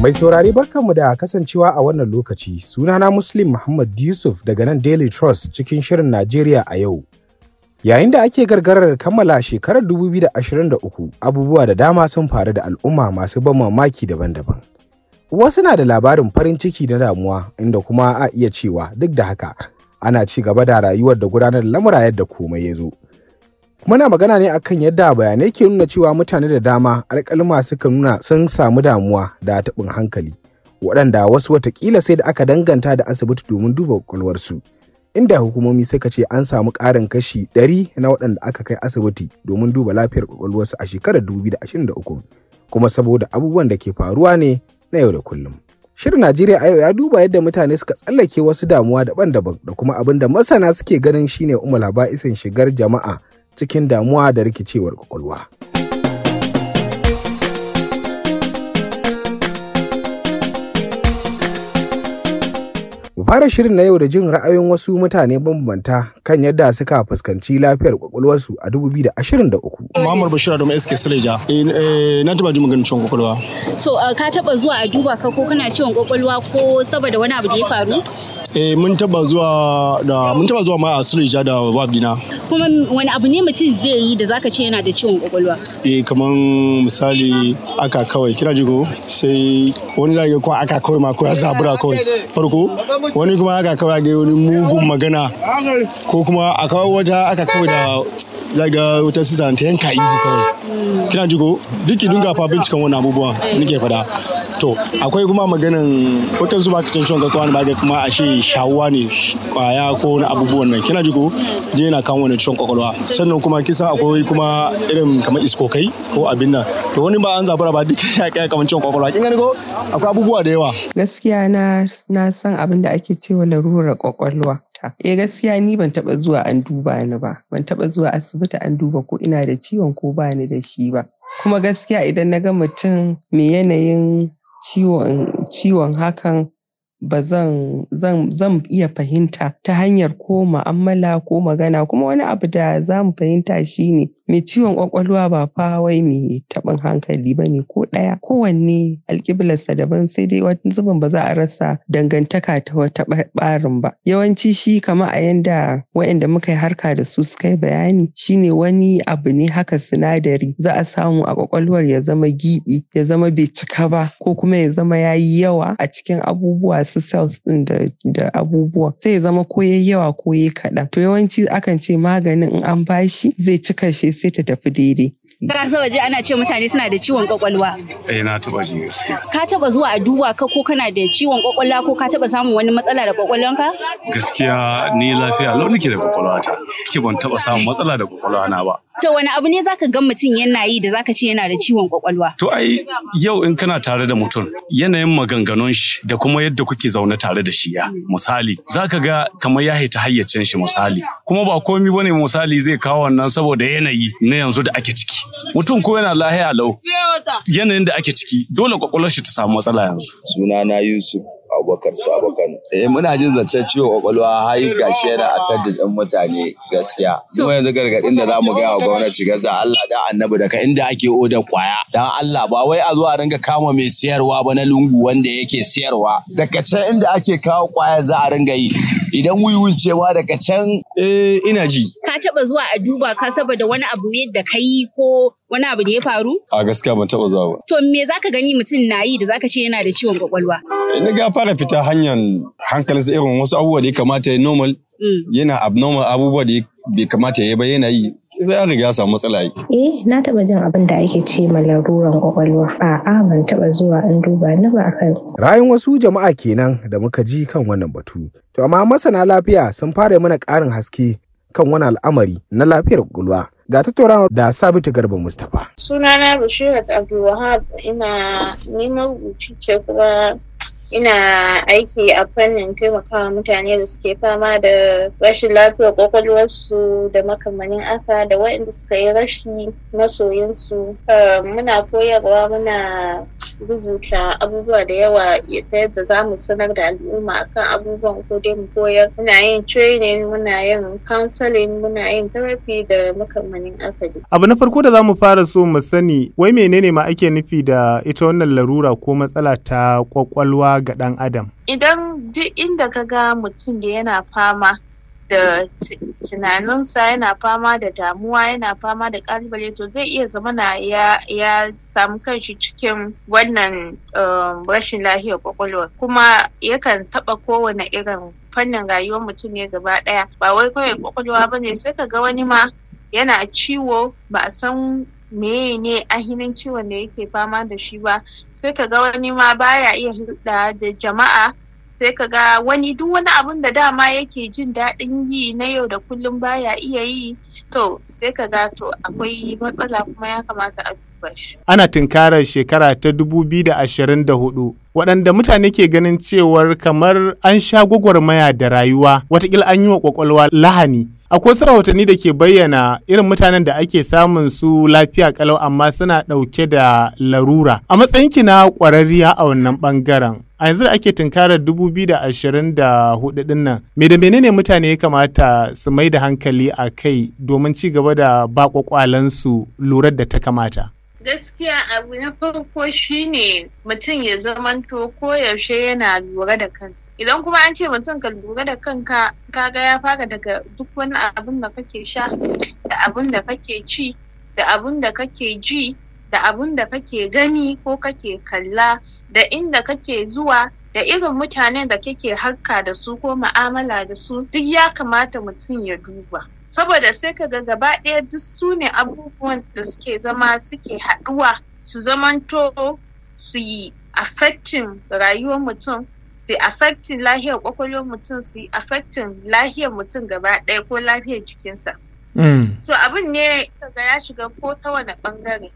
Mai saurari barkanmu da kasancewa a wannan lokaci sunana Muslim Muhammad Yusuf daga nan Daily Trust cikin shirin Najeriya a yau. Yayin da ake gargarar kammala shekarar 2023 abubuwa da dama sun faru da al'umma masu ban mamaki daban-daban. Wasu na da labarin farin ciki na damuwa inda kuma a iya cewa duk da haka ana ci gaba da rayuwar da gudanar lamura yadda komai ya zo. Muna magana ne akan yadda bayanai ke nuna cewa mutane da dama alƙalma suka nuna sun samu damuwa da taɓin hankali, waɗanda wasu watakila sai da aka danganta da asibiti domin duba kwakwalwarsu. Inda hukumomi suka ce an samu ƙarin kashi 100 na waɗanda aka kai asibiti domin duba lafiyar kwakwalwarsu a shekarar 2023, kuma saboda abubuwan da ke faruwa ne na yau da kullum. Shirin Najeriya a yau ya duba yadda mutane suka tsallake wasu damuwa daban-daban da kuma abin da masana suke ganin shine umar isin shigar jama'a cikin damuwa da rikicewar kwakwalwa. fara shirin na yau da jin ra'ayoyin wasu mutane bambanta kan yadda suka fuskanci lafiyar kwakwalwarsu a 2023. Muhammad Bashir Adamu SK Sileja. Eh, eh, na taba ji maganin ciwon kwakwalwa. To ka taba zuwa a duba ka ko kana ciwon kwakwalwa ko saboda wani abu da ya faru? eh mun taba zuwa da mun taba zuwa ma a Suleja da Wab dina kuma wani abu ne mutum zai yi da zaka ce yana da ciwon kwakwalwa eh kaman misali aka kawai kira jigo sai wani zai ga ko aka kawai ma ko ya zabura kawai farko wani kuma aka kawai ga wani mugun magana ko kuma aka wata aka kawai da zaga wata sisa ta yanka ihu kawai kina jigo duk ki dinga fa bincikan wannan abubuwa nake faɗa to akwai kuma maganin wata zuba ka shan kakwa ne ba kuma ashe shawuwa ne kwaya ko wani abubuwan nan kina ji ko je yana kawo wani ciwon kwakwalwa sannan kuma kisa akwai kuma irin kamar iskokai ko abin nan to wani ba an zabura ba duk ya kai kamar ciwon kwakwalwa kin gani ko akwai abubuwa da yawa gaskiya na na san abin da ake cewa larurar kwakwalwa Eh gaskiya ni ban taba zuwa an duba ni ba. Ban taba zuwa asibiti an duba ko ina da ciwon ko ba ni da shi ba. Kuma gaskiya idan na ga mutum mai yanayin 去往，去往他看 ba zan zan zan iya fahimta ta hanyar ko mu'amala ko magana kuma wani abu da za mu fahimta shine mai ciwon kwakwalwa ba fa wai mai taɓin hankali ba ne ko ɗaya kowanne alƙiblarsa daban sai dai wani zubin ba za a rasa dangantaka ta wata ɓarin ba yawanci shi kama a yanda waɗanda muka yi harka da su suka yi bayani shine wani abu ne haka sinadari za a samu a kwakwalwar ya zama giɓi ya zama bai cika ba ko kuma ya zama ya yi yawa a cikin abubuwa masu cells din da, da abubuwa sai zama ko yayi yawa ko yayi kaɗan to yawanci akan ce maganin in an bashi zai cika shi sai ta tafi daidai kana saba ji ana ce mutane suna da ciwon kwakwalwa eh na taba ji ka taba zuwa a duba ka ko kana da ciwon kwakwalwa ko ka taba samun wani matsala da kwakwalwanka gaskiya ni lafiya lau nake da kwakwalwa ta kike ban taba samun matsala da kwakwalwa na ba to wani abu ne zaka ga mutum yana yi da zaka ce yana da ciwon kwakwalwa to ai yau in kana tare da mutum yanayin maganganun shi da kuma yadda kuke zaune tare da shi ya misali zaka ga kamar ya haita hayyacin shi misali kuma ba komi bane misali zai kawo wannan saboda yanayi na yanzu da ake ciki mutum ko yana lahiya lau yanayin da ake ciki dole kwakwalwar shi ta samu matsala yanzu sunana yusuf abubakar sabakan eh muna jin zancen ciwo kwakwalwa hayi ga yana a da ɗan mutane gaskiya kuma yanzu gargaɗin da za mu gaya wa gwamnati gaza Allah da annabi daga inda ake oda kwaya dan Allah ba wai a zo a ringa kama mai siyarwa ba na lungu wanda yake siyarwa daga can inda ake kawo kwaya za a ringa yi idan wiwin cewa daga can eh ina ji ka taba zuwa a duba ka saboda wani abu yadda ka yi ko wani abu da ya faru a gaskiya ban taba zuwa ba to me zaka gani mutum na yi da zaka ce yana da ciwon kwakwalwa ina eh, ga fara fita hanyar hankalinsa irin wasu abubuwa da ya kamata ya normal mm. yana abnormal abubuwa da bai kamata ya yi ba yana yi sai an riga samu matsala yi. Eh na taba jin abin da ake ce ma laruran kwakwalwa. A'a ban taba zuwa an duba ni ba akan. Rayun wasu jama'a kenan da muka ji kan wannan batu. To amma masana lafiya sun fara mana ƙarin haske kan wani al'amari na lafiyar kwakwalwa. ga tattaunawa da sabita garba mustapha sunana bashirat abdulwahab ina ni marubuci ce kuma ina aiki a fannin taimakawa mutane da suke fama da rashin lafiyar kwakwalwarsu da makamanin aka da waɗanda suka yi rashi masoyinsu eh, muna koyarwa muna rubuta abubuwa da yawa ta yadda za mu sanar da al'umma akan abubuwan ko dai mu koyar muna yin training muna yin counseling muna yin therapy da makamanin aka abu na farko da za mu fara so mu sani wai menene ma ake nufi da ita wannan larura ko matsala ta kwakwalwa ga ɗan adam idan duk inda ka ga mutum da yana fama da tunaninsa yana fama da damuwa yana fama da kalibale to zai iya zama na ya, ya samu kanshi cikin wannan um, rashin lahiyar kwakwalwa kuma yakan taɓa kowane irin fannin rayuwar mutum ne gaba ɗaya. ba wai kawai kwakwalwa ba ne sai ka ga wani ma yana ciwo ba a san meye ne ahinin ciwon da yake fama da shi ba sai ka ga wani ma baya iya hulɗa da jama'a sai ka ga wani duk wani abun da dama yake jin daɗin yi na yau da kullum baya iya yi to sai ka ga to akwai matsala kuma ya kamata a duba shi. Ana tunkarar shekara ta da ashirin 2024 waɗanda mutane ke ganin cewar kamar an sha gwagwarmaya da rayuwa watakila an yi wa ƙwaƙwalwa lahani akwai wasu rahotanni da ke bayyana irin mutanen da ake samun su lafiya kalau amma suna ɗauke da larura a matsayinki na kwararriya a wannan bangaren a yanzu da ake tunkarar 2024 din nan me da menene mutane ya kamata su mai da hankali a kai domin ci gaba da bakwakwalansu lurar da ta kamata gaskiya abu na farko shine mutum ya ko yaushe yana lura da kansa idan kuma an ce mutum ka lura da kanka kaga ya fara daga duk wani abun da kake sha da abun da kake ci da abun da kake ji da abun da kake gani ko kake kalla da inda kake zuwa da irin mutanen da kake harka da su ko ma'amala da su duk ya kamata mutum ya duba saboda sai ka gaba ɗaya duk su ne abubuwan da suke zama suke haɗuwa su zamanto su yi affecting rayuwar mutum su affecting lahiyar kwakwalwar mutum su yi affecting lahiyar mutum gaba ɗaya ko lahiyar jikinsa. Mm. So abin ne ga ya shiga ko ta wani ɓangare.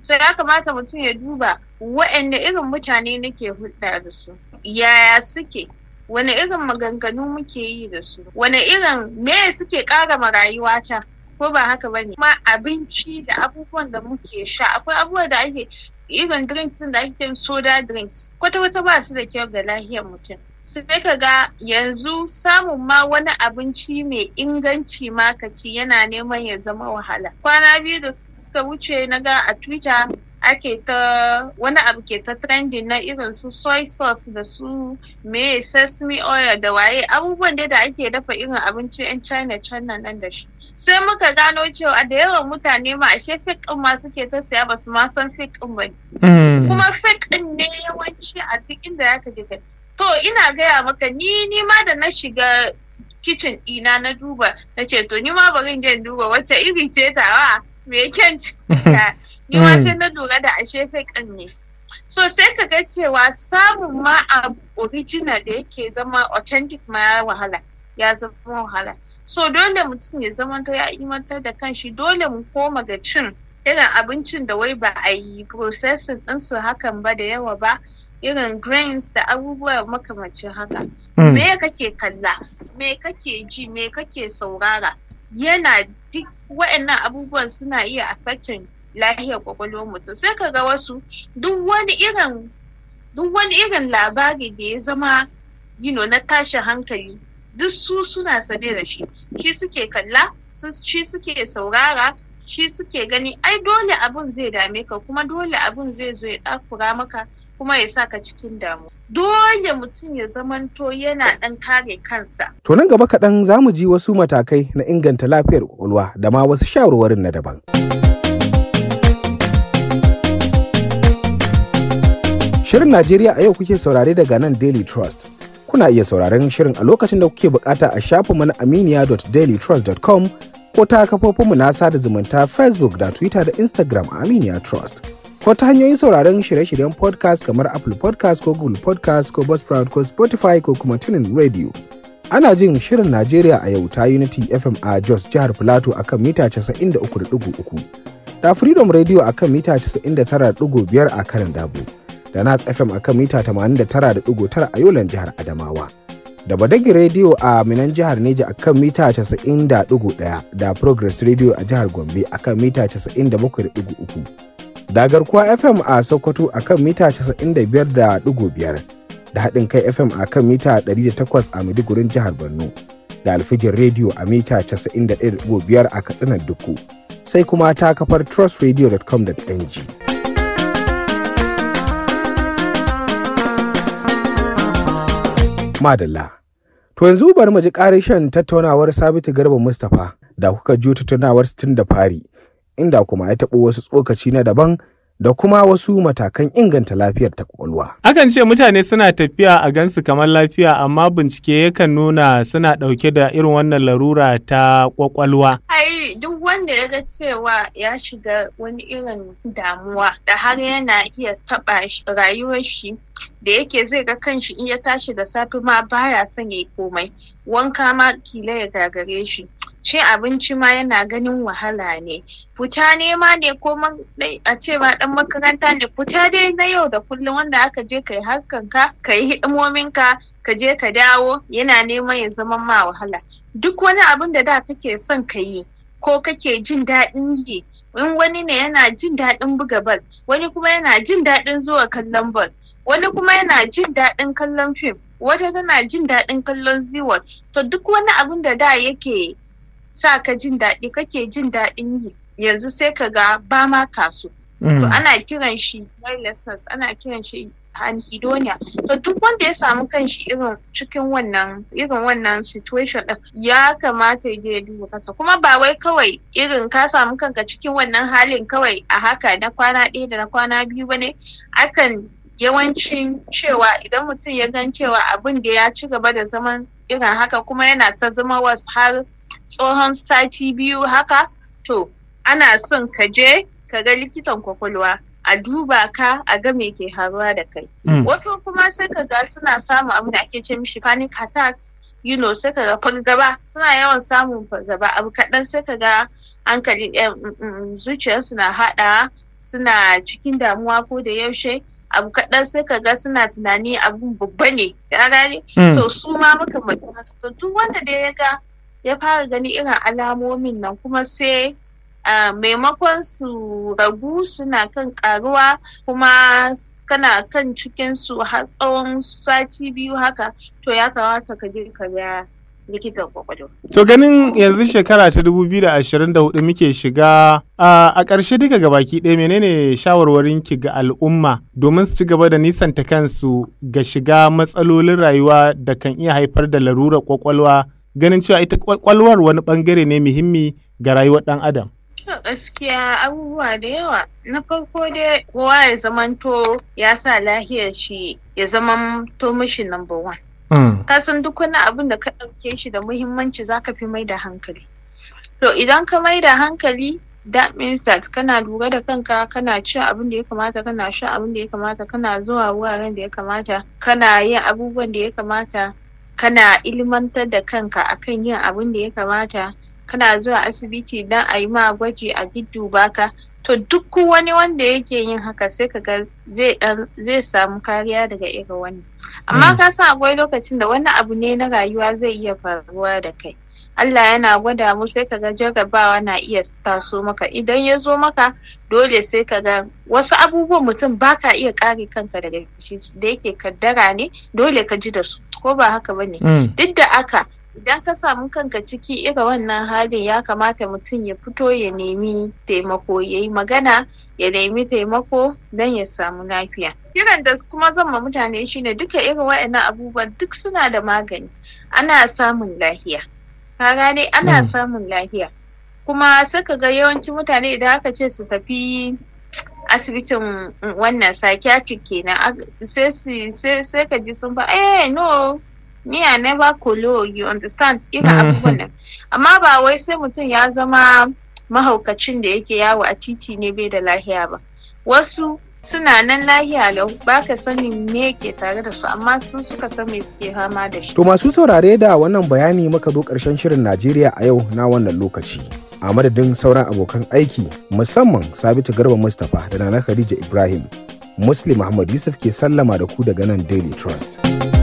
So ya kamata mutum ya duba waɗanne irin mutane nake hulɗa da su. Yaya suke? wane irin maganganu muke yi da su wane irin me suke kara ma rayuwata ko ba haka bane kuma abinci da abubuwan da muke sha akwai abubuwa da ake irin drinks da ake soda drinks kwata wata ba su da kyau ga lahiyar mutum sai ka ga yanzu samun ma wani abinci mai inganci ma yana neman ya zama wahala kwana biyu da suka wuce na ga a twitter ake ta wani abu ke ta trending na irin su soy sauce da su me sesame oil da waye abubuwan dai da ake dafa irin abinci yan china china nan da shi sai muka gano cewa da yawan mutane ma ashe fik din ma suke ta siya ba su ma san fik din ba hmm. kuma fik din ne yawanci a duk inda ya ka to ina gaya maka ni ni ma da na shiga kicin ina na duba nace to ni ma bari in je duba wacce iri ce tawa me kyan cikinka ni ma hmm. sai na lura da ashe fakan ne so sai ka ga cewa samun ma a original da yake zama authentic ma ya wahala ya zama wahala so dole mutum ya zama ya imantar da kanshi dole mu koma ga cin irin abincin da wai ba a yi processing ɗinsu hakan ba da yawa ba irin grains da abubuwa makamacin haka hmm. me kake kalla me kake ji me kake saurara yana duk waɗannan abubuwan suna iya affecting lahiyar kwakwalwar mutum sai ka ga wasu duk wani irin duk wani irin labari da ya zama you know, na tashin hankali duk su suna sane da shi shi suke kalla shi suke saurara shi suke gani ai dole abun zai dame ka kuma dole abun zai zo ya ɗakura maka kuma ya sa ka cikin damu. Dole mutum ya zamanto yana ɗan kare kansa. To nan gaba kaɗan za mu ji wasu matakai na inganta lafiyar ƙwaƙwalwa da ma wasu shawarwarin na daban. Shirin Najeriya a yau kuke saurare daga nan Daily Trust. Kuna iya sauraren shirin a lokacin da kuke bukata a shafinmu na aminiya.dailytrust.com ko ta kafofinmu na sada zumunta Facebook da Twitter da Instagram a Aminiya Trust. ko ta hanyoyin sauraron shirye-shiryen podcast kamar Apple podcast ko Google podcast ko Buzzsprout ko Spotify ko kuma Tunin Radio. Ana jin shirin Najeriya a yau ta Unity FM a Jos jihar Filato a kan mita 93.3 da Freedom Radio a kan mita 99.5 a karin Dabo da Nas FM a kan mita 89.9 a Yolan jihar Adamawa. da Badagi Radio a Minan jihar Neja a kan mita 90.1 da Progress Radio a jihar Gombe a kan mita 97.3 da garkuwa fm a sokoto a kan mita 95.5 da haɗin kai fm a kan mita 108 a maiduguri jihar borno da alfijin rediyo a mita 91.5 a katsinan duku sai kuma ta kafar trustradio.com.ng madalla to yanzu bari mu ji ƙarishin tattaunawar sabitu garba mustapha da kuka juyo tattaunawar sitin da fari inda kuma ya taɓo wasu tsokaci na daban da kuma wasu matakan inganta lafiyar ta kwakwalwa. Akan ce mutane suna tafiya a gansu kamar lafiya amma bincike yakan nuna suna ɗauke da irin wannan larura ta kwakwalwa. Ai duk wanda ya ga cewa ya shiga wani irin damuwa da har yana iya taɓa rayuwar shi da yake zai ga kanshi in ya tashi da safe ma baya son ya komai wanka ma kila ya gagare shi cin abinci ma yana ganin wahala ne fita nema ne ko a ce ba dan makaranta ne fita dai na yau da kullum wanda aka je kai ka yi hidimominka ka je ka dawo yana neman ya zama ma wahala duk wani abin da da kake son ka yi ko kake jin daɗin yi in wani ne yana jin daɗin buga bal wani kuma yana jin daɗin zuwa kallon bal wani kuma yana jin daɗin kallon fim wata tana jin daɗin kallon ziwon to duk wani abin da da yake sa ka jin daɗi kake jin daɗin yi yanzu sai ka ga ba ma to mm. ana kiran shi wirelessness ana kiran shi anhedonia to duk wanda ya samu kanshi irin cikin wannan irin wannan situation din ya kamata ya je ya duba kuma ba wai kawai irin ka samu kanka cikin wannan halin kawai a haka na kwana ɗaya da na kwana biyu ba ne? akan yawancin cewa idan mutum ya gan cewa abin da ya ci gaba da zaman irin haka kuma yana ta zama wasu har tsohon sati biyu haka to ana son ka je ka ga likitan kwakwalwa a duba ka a ga me ke haruwa da kai mm. wato kuma sai ka ga suna samun abin da ake ce mishi panic attacks you know sai ka ga fargaba suna yawan samun fargaba abu kaɗan sai ka ga hankali eh, mm, mm, zuciyarsu na haɗa suna cikin damuwa ko da yaushe abu kaɗan sai ka ga suna tunani abun babba ne ya gane to su ma muka to duk wanda da ya ga ya fara gani irin alamomin nan kuma sai Uh, maimakon su ragu suna kan karuwa kuma kana kan cikinsu har tsawon sati biyu haka to ya kamata ka je ka ga likitan kwakwalwa. To ganin yanzu shekara ta 2024 muke shiga a ƙarshe duka gabaki ɗaya menene shawarwarin ki ga al'umma domin su ci gaba da nisanta kansu ga shiga matsalolin rayuwa da kan iya haifar da larurar kwakwalwa ganin cewa ita kwakwalwar wani bangare ne muhimmi ga rayuwar dan adam gaskiya abubuwa da yawa na farko dai kowa ya zamanto ya sa lahiyar shi ya zama mishi number one hmm. ka san duk wani abin da ka ɗauke shi da muhimmanci za ka fi mai da hankali to idan ka mai da hankali that means that kana lura da kanka kana cin abin da ya kamata kana shan abin da ya kamata kana zuwa wuraren da ya kamata kana yin abubuwan da ya kamata kana ilmantar da kanka a kan yin abin da ya kamata kana zuwa asibiti don a yi ma gwaji a giddu ka to duk wani wanda yake yin haka sai ka ga zai samu kariya daga irin wani amma mm. ka san akwai lokacin da wani abu ne na rayuwa zai iya faruwa da kai Allah yana gwada mu sai ka ga jarabawa na iya taso maka idan ya zo maka dole sai ka ga wasu abubuwan mutum baka iya kare kanka daga shi da yake kaddara ne dole ka ji da su ko ba haka ba ne mm. duk da aka idan ka samu kanka ciki irin wannan halin ya kamata mutum ya fito ya nemi taimako ya yi magana ya nemi taimako don ya samu lafiya kiran da kuma zan ma mutane shi ne duka irin wa'annan abubuwan duk suna da magani ana samun lahiya kara ne ana mm. samun lahiya kuma sai ka ga yawancin mutane idan aka ce su tafi asibitin wannan psychiatric kenan sai ka ji sun ba eh no ni i never kolo you understand Ina mm. abubuwan nan amma ba wai sai mutum ya zama mahaukacin da yake yawo a titi ne bai da lahiya ba wasu suna nan lahiya lau ba ka sanin me ke tare da su amma su suka san me suke fama da shi to masu saurare da wannan bayani muka zo karshen shirin najeriya a yau na wannan lokaci a madadin sauran abokan aiki musamman sabitu garba mustapha da nana khadija ibrahim muslim muhammad yusuf ke sallama da ku daga nan daily trust